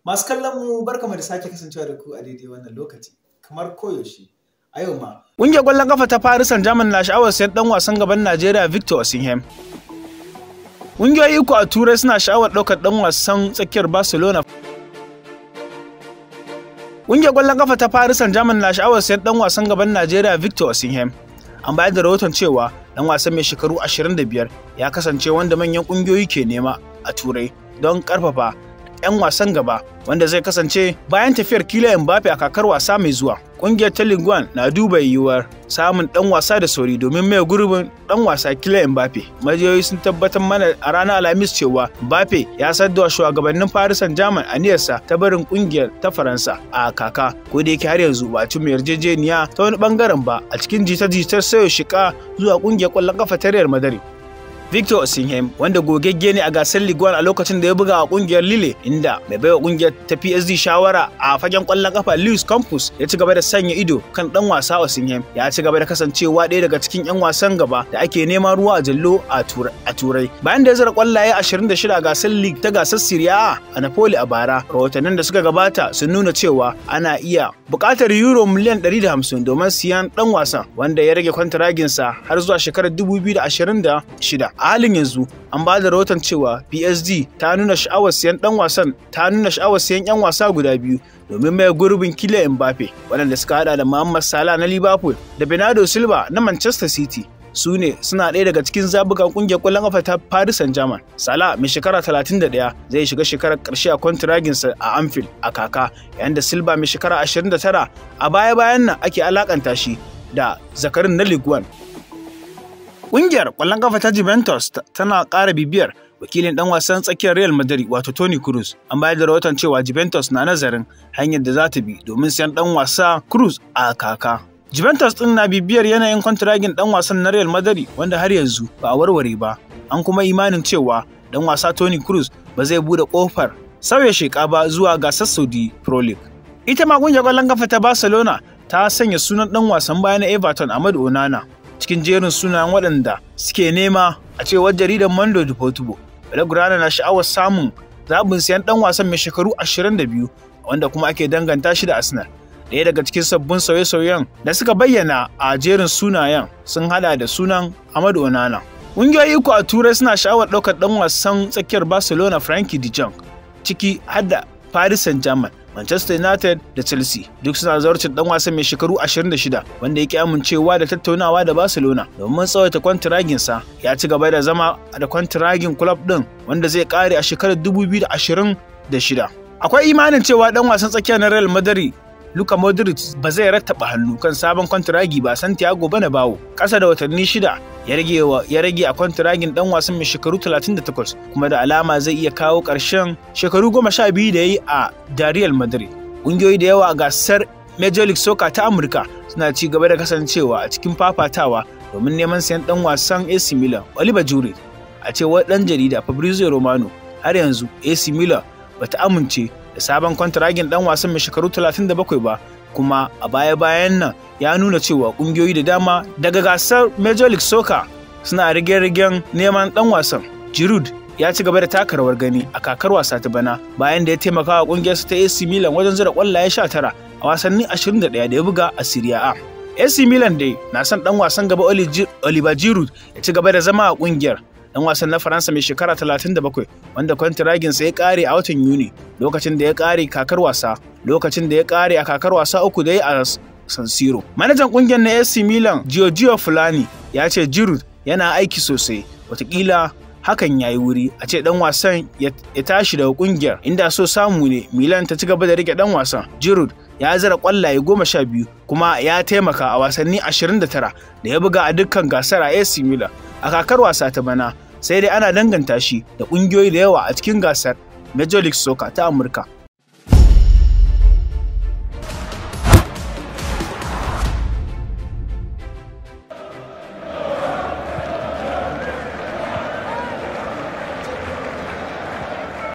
Masu kallon mu barkamu da sake kasancewa da ku a daidai wannan lokaci kamar koyaushe a yau ma. Ƙungiyar ƙwallon ƙafa ta Paris Saint-Germain na sha'awar sayar ɗan wasan gaban Najeriya Victor Osimhen. Ƙungiyoyi uku a Turai suna sha'awar ɗaukar ɗan wasan tsakiyar Barcelona. Ƙungiyar ƙwallon ƙafa ta Paris Saint-Germain na sha'awar sayar ɗan wasan gaban Najeriya Victor Osimhen. An bayar da rahoton cewa ɗan wasan mai shekaru 25 ya kasance wanda manyan ƙungiyoyi ke nema a Turai don ƙarfafa 'yan wasan gaba wanda zai kasance bayan tafiyar kila Mbappe a kakar wasa mai zuwa. Kungiyar ta Linguan na duba yiwuwar samun ɗan wasa da sauri domin mai gurbin ɗan wasa kila Mbappe. Majiyoyi sun tabbatar mana a ranar Alhamis cewa Mbappe ya saddawa shugabannin Paris Saint-Germain aniyarsa ta barin kungiyar ta Faransa a kaka ko da yake har yanzu ba ci yarjejeniya ta wani bangaren ba a cikin jita-jitar sayo shika zuwa kungiyar kwallon kafa ta Real Madrid. Victor Osimhen wanda gogegge ne a gasar Ligue 1 a lokacin da ya buga a kungiyar Lille inda mai baiwa kungiyar ta PSG shawara a fagen kwallon kafa Luis Campos ya ci gaba da sanya ido kan dan wasa Osimhen ya ci gaba da kasancewa ɗaya daga cikin 'yan wasan gaba da ake neman ruwa a jallo a Turai. Bayan da ya zara kwallaye 26 a gasar League ta gasar Serie A a Napoli a bara, rahotannin da suka gabata sun nuna cewa ana iya buƙatar euro miliyan 150 domin siyan dan wasan wanda ya rage kwantaraginsa har zuwa shekarar 2026. a halin yanzu an ba da rahoton cewa psd ta nuna sha'awar siyan dan wasan ta nuna sha'awar siyan yan wasa guda biyu domin mai gurbin kila Mbappe waɗanda suka hada da Muhammad Salah na Liverpool da Bernardo Silva na Manchester City su ne suna ɗaya daga cikin zabukan ƙungiyar ƙwallon ƙafa ta Paris Saint-Germain. Salah mai shekara 31 zai shiga shekarar ƙarshe a kwantiraginsa a Anfield a kaka, yayin da Silva mai shekara 29 a baya-bayan nan ake alakanta shi da zakarin na Ligue Ƙungiyar ƙwallon kafa ta Juventus tana ƙara bibiyar wakilin ɗan wasan tsakiyar Real Madrid wato Toni Kroos. An bayar da rahoton cewa Juventus na nazarin hanyar da za ta bi domin sayan ɗan wasa Kroos a kaka. Juventus ɗin na bibiyar yanayin kwantiragin ɗan wasan na Real Madrid wanda har yanzu ba a warware ba. An kuma imanin cewa ɗan wasa Toni Kroos ba zai buɗe ƙofar sauya sheƙa ba zuwa gasar Saudi Pro League. Ita ma ƙungiyar ƙwallon kafa ta Barcelona ta sanya sunan ɗan wasan baya na Everton Ahmad Onana cikin jerin sunayen waɗanda suke nema a cewar jaridar Mando de Portugal. Belgrano na sha'awar samun zaɓin siyan ɗan wasan mai shekaru 22 wanda kuma ake danganta shi da Arsenal. Ɗaya daga cikin sabbin sauye-sauyen da suka bayyana a jerin sunayen sun hada da sunan Amadu Onana. Ƙungiyoyi uku a Turai suna sha'awar ɗaukar ɗan wasan tsakiyar Barcelona Frankie de Jong ciki hadda Paris Saint-Germain Manchester United da Chelsea duk suna zarcin dan wasan mai shekaru 26 wanda yake amincewa da tattaunawa da Barcelona domin tsawaita sa ya ci gaba da zama da kwantiragin club din wanda zai kare a shekarar 2026. Akwai imanin cewa dan wasan tsakiya na Real Madrid Luka Modric ba zai rattaba hannu kan sabon kwantiragi ba Santiago Bernabeu kasa da watanni shida ya rage a kwantiragin dan wasan mai shekaru 38 kuma da alama zai iya kawo ƙarshen shekaru 12 da ya yi a Dariel Madrid. Ƙungiyoyi da yawa a gasar Major League Soccer ta Amurka suna ci gaba da kasancewa a cikin fafatawa domin neman sayan dan wasan AC Milan Oliver Giroud. A cewar dan jarida Fabrizio Romano har yanzu AC Milan bata amince da sabon kwantiragin dan wasan mai shekaru 37 ba kuma a baya-bayan nan ya nuna cewa kungiyoyi da dama daga gasar major league soccer suna rige-rigen neman dan wasan giroud ya ci gaba da taka rawar gani a kakar wasa ta bana bayan da ya taimaka wa kungiyarsa ta AC Milan wajen zira kwallaye 19 a wasanni 21 da ya buga a Serie A. AC Milan dai na son dan wasan gaba Oliver Giroud ya ci gaba da zama a kungiyar dan wasan na Faransa mai shekara 37 wanda kwantiraginsa ya kare a watan Yuni lokacin da ya kare kakar wasa lokacin da ya kare a kakar wasa uku da ya a San Siro. Manajan ƙungiyar na AC Milan Giorgio Fulani ya ce Giroud yana aiki sosai watakila hakan yayi wuri a ce dan wasan ya tashi daga ƙungiyar. inda so samu ne Milan ta ci gaba da rike ɗan wasan Giroud ya zira kwallaye goma sha biyu kuma ya taimaka a wasanni 29 da ya buga a dukkan gasar a AC Milan a kakar wasa ta bana sai dai ana danganta shi da ƙungiyoyi da yawa a cikin gasar Major League Soccer ta Amurka